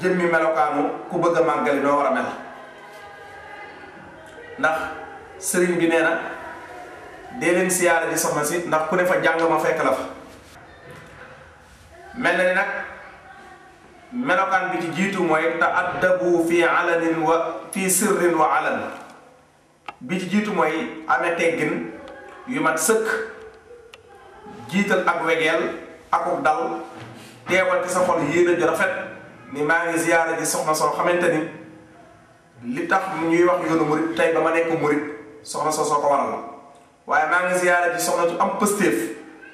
jëmmi melokaanu ku bëgg a màggali doo war a mel ndax sëriñ bi nee na dee leen siyaare di soxna si ndax ku ne fa jàng ma fekk la fa mel na ni nag melokaan bi ci jiitu mooy te addabu fi alanin wa fi sirrin wa alan bi ci jiitu mooy amee teggin yu mat sëkk jiital ak wegeel akuk dal teewal ci sa xol yéene ju rafet ni maa ngi ziyaara ji soxna soo xamante ni li tax ñuy wax yoonu murit tey ba ma nekk murit soxna soo soo ko waral la waaye maa ngi ziyaara ji soxna su am pëstéef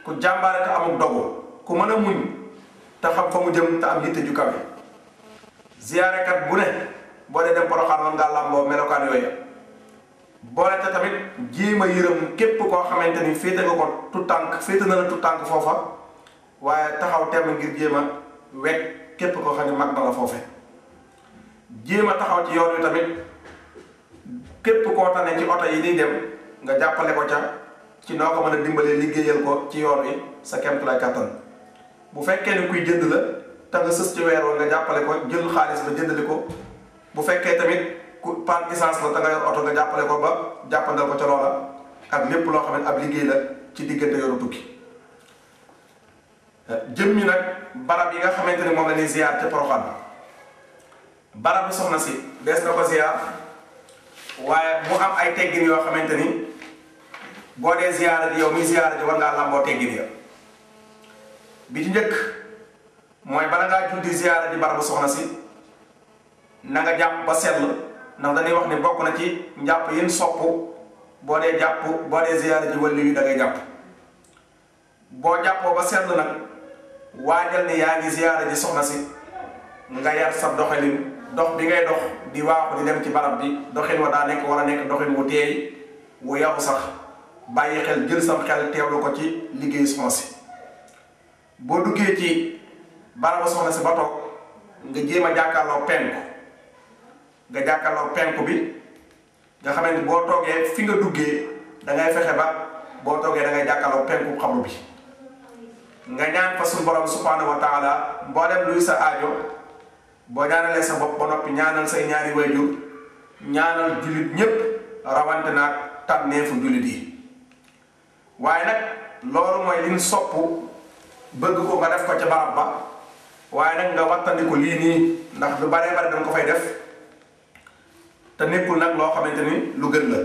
ku jàmbaare te amul dogu ku mën a muñ te xam fa mu jëm te am yitte ju kawe ziyaarekat bu ne boo dee dem Poroxaan man ngaa làmboo melokaan yooyu boole te tamit jéem a yërëm képp koo xamante ni féete nga ko tu tànk féete na la tu tànk foofa waaye taxaw temm ngir jéem a wekk képp koo xam ne mag na la foofe jéem a taxaw ci yoon wi tamit képp koo tane ci oto yi di dem nga jàppale ko ca ci noo ko mën a dimbalee liggéeyal ko ci yoon wi sa kemt lay kattan bu fekkee ni kuy jënd la te nga sës ci weer nga jàppale ko jël xaalis ba jëndali ko bu fekkee tamit ku panne essence la te nga yor oto nga jàppale ko ba jàppandal ko ca loola ak lépp loo xam ne ab liggéey la ci diggante yoru tukki jëmmi nag barab yi nga xamante ne moom la ñuy ziar ca Porokhane barab soxna si des na ko ziar waaye mu am ay teggin yoo xamante ni boo dee ziar di yow mi ziar di war ngaa lamboo teggin ya bi ci njëkk mooy bala ngaa julli ziar di barab soxna si na nga jàpp ba sell ndax dañuy wax ni bokk na ci njàpp yin sopp boo dee jàpp boo dee ziar di wàllu yi da ngay jàpp boo jàppoo ba sell nag. waajal ni yaa ngi ziyaara ji soxna si nga yar sa doxalin dox bi ngay dox di waaxu di dem ci barab bi doxin wa daa nekk war a nekk doxin wu teey wu yaw sax bàyyi xel jël sam xel teewlu ko ci liggéey soxna si boo duggee ci barabu soxna si ba toog nga jéem a jàkkaarloo penku nga jàkkaarloo penku bi nga ni boo toogee fi nga duggee dangay fexe ba boo toogee dangay ngay jàkkaarloo penku xabru bi nga ñaan fa sun borom subhanahu wa ta'ala mbolem luy sa aajo bo ñaanale sa bopp ba noppi ñaanal say ñaari wayjur ñaanal julit ñépp rawante naag tànneefu julit yi waaye nag loolu mooy liñ sopp bëgg ko nga def ko ca barab ba waaye nag nga wattandiku lii nii ndax lu bare bare dañ ko fay def te nekkul nag loo xamante lu gën la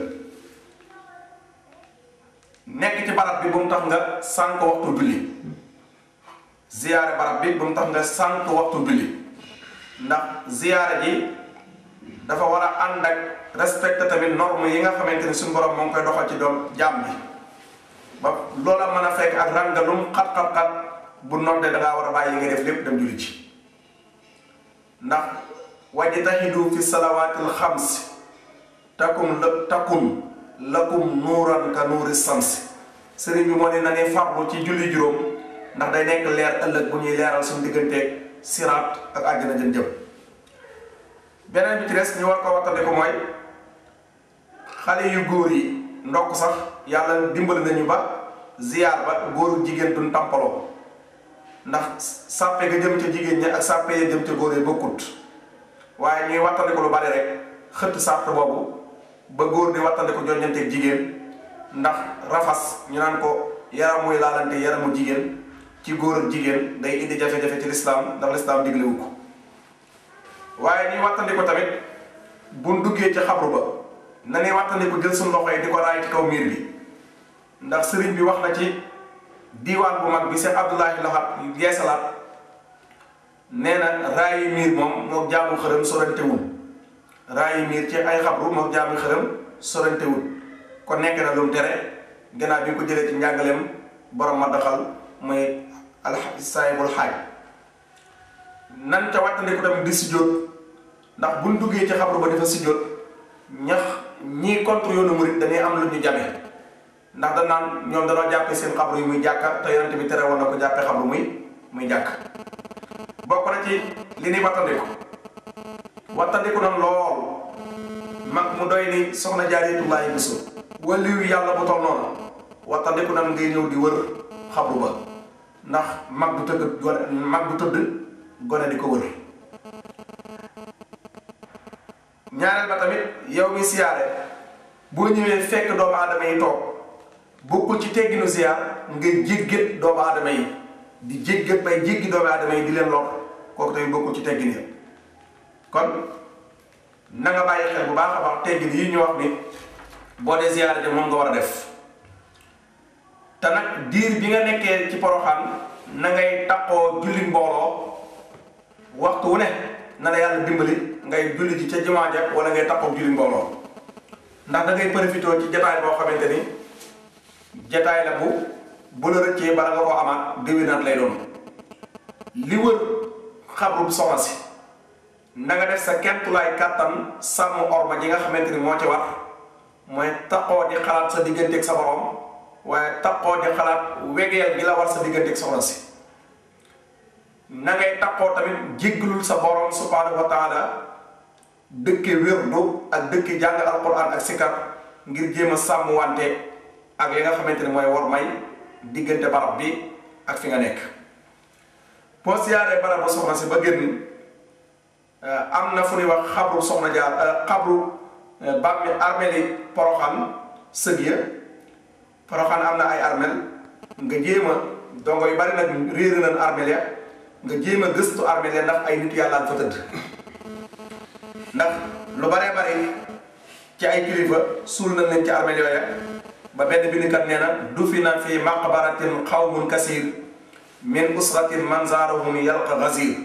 nekk ci barab bi bu mu tax nga waxtu julli ziyare barab bi bu tax nga sant waxtu julli ndax ziyare ji dafa wara and ak respecte tamit norme yi nga xamante ni suñu borom mo ngi koy doxal ci doom jaam bi ba loola mëna fekk ak ràngalum xat-xat-xat bu nodde da nga wara nga def lepp dem julli ci ndax tahidu fi salawatil khams takum la takum lakum nuran ka nuris sams serigne bi moo ne na ngay farlu ci julli juroom ndax day nekk leer ëllëg bu ñuy leeral suñu digganteeg siraat ak àjjana jën jëm beneen bi ci des ñu war ko wattandiku mooy xale yu góor yi ndokk sax yàlla dimbali nañu ba ziyaar ba góoru jigéen duñ tàmpaloo ndax sàppe ga jëm ca jigéen ñi ak sàppe ya jëm ca góor yi bokkut waaye ñuy wattandiku lu bari rek xëtt sàpp boobu ba góor di wattandiku joññanteeg jigéen ndax rafas ñu naan ko yaram muy laalante yaramu jigéen ci góor ak jigéen day indi jafe-jafe ci lislaam ndax lislaam diglewu ko waaye ñuy wattandiku tamit buñ duggee ci xabru ba na ñuy wattandiku jël suñu loxo di ko raay ci kaw miir bi ndax sëriñ bi wax na ci diiwaan bu mag bi seen Abdullahi Lahat la nee na raayi miir moom moo jaamu xërëm sorantewul raayi miir ci ay xabru moo jaamu xërëm sorantewul kon nekk na lu mu tere gannaaw bi ñu ko jële ci njàngaleem borom ma daxal mooy al sahibul haj nan ca watandiku tam di sujud ndax buñ duggee ci xabru ba difa sujud ñax ñi contre yoonu murid dañuy am lu ñu nak ndax da naan ñoom dañoo jàppe seen xabru yi muy jàkka te yonente bi tere woon na ko jàppe xabru muy muy jàkk bokk na ci li ni watandiku watandiku nan lool mak mu doy ni soxna jaariyatullahi bisu waliyu yàlla bu tol noonu watandiku nan ngay ñëw di wër xabru ba ndax mag bu tëdd gone mag bu tëdd gone di ko wër ñaareel ba tamit yow mi siyaare boo ñëwee fekk doomu aadama yi toog bokkul ci tegginu siyaar nga jéggat doomu aadama yi di jéggat bay jéggi doomu aadama yi di leen lor kooku tamit bokkul ci teggin yi kon na bàyyi xel bu baax a baax teggin yi ñu wax ni boo dee siyaare de moom nga war a def te nag diir bi nga nekkee ci poroxam na ngay taqoo julli mbooloo waxtu wu ne na la yàlla dimbali ngay julli ji ca jumaa ja wala ngay taqoo julli mbooloo ndax da ngay profité ci jataay boo xamante ni jataay la bu bu la rëccee bala nga ko amaat nat lay doon li wër xabru soxna si na nga def sa kentulaay kàttan sàmm orma ji nga xamante ni moo ci wax mooy taqoo di xalaat sa digganteeg sa borom waye takko di xalat wegeel gi la war sa digganteeg soxna si na ngay takkoo tamit jéggalul sa borom subhanahu wa taala dëkke wérdu ak dëkke jàng alquran ak sikkar ngir jéem a sàmm wante ak li nga xamante ne mooy war may diggante barab bi ak fi nga nekk boo siyaaree barab soxna si ba génn eh, am na fu ñuy wax xabru soxna jaar eh, xabru eh, bàmmi armeli poroxan sëg ya Porokhane am na ay armel nga jéem a dongo yu bari nag réer nañ armel ya nga jéem a gëstu armel ya ndax ay nit yàlla fa tëdd ndax lu baree bari ci ay kilifa suul nañ ci armel yooya ba benn bindikat nee na du fi na fi maqbaratin qawmun kasir min usratin manzaruhum yalqa gazir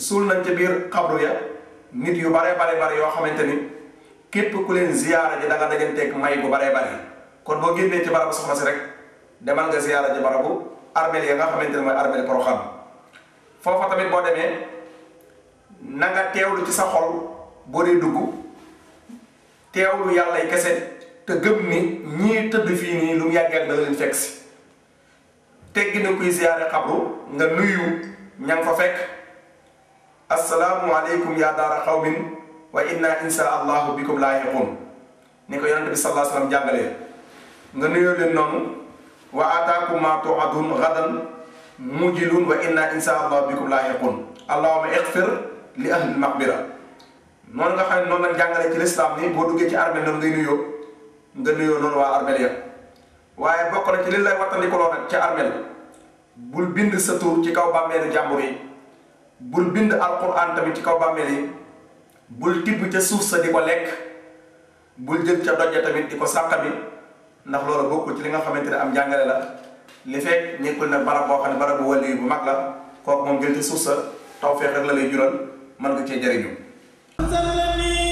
suul nañ ci biir xabru ya nit yu baree bare bare yoo xamante ni képp ku leen ziyaara ji da nga dajanteeg may bu baree bare kon bo génnee ci barabu soxna ci rek demal nga ziyara ci barabu armel ya nga xamanteni moy mooy armel Porokhane fofu tamit bo démé na nga teewlu ci sa xol bo dé dugg teewlu yalla yi kessé te gëm ni ñi tedd fi ni lu mu yàggee da leen fex tegg na kuy ziyara xabru nga nuyu ñang fa fek assalamu alaykum ya dar khawmin wa inna insha allahu bikum laahiqun ni ko yonente bi sallallahu alaihi wasallam sallam nga nuyoo leen noonu wa ataakum maa tuuaduun gadan mujilun wa inna insha allah bikum laahiqun allahumma ighfir li ahli maqbira noonu nga xam ne noonu lañ jàngale ci lislaam ni boo duggee ci armeel noonu ngay nuyoo nga nuyoo noonu waa armeel ya waaye bokk na ci li lay wattandikuloo nag ci armeel bul bind sa tur ci kaw bàmmeelu jàmbur yi bul bind alquran tamit ci kaw bàmmeel yi bul tibb ca suuf sa di ko lekk bul jël ca doj tamit di ko bi ndax loolu bokkul ci li nga xamante ne am jàngale la li fekk nekkul ne barab boo xam ne barab bu wàllu mag la kooku moom jël ci suuf sa taw feex rek la lay jural mën nga cee jëriñu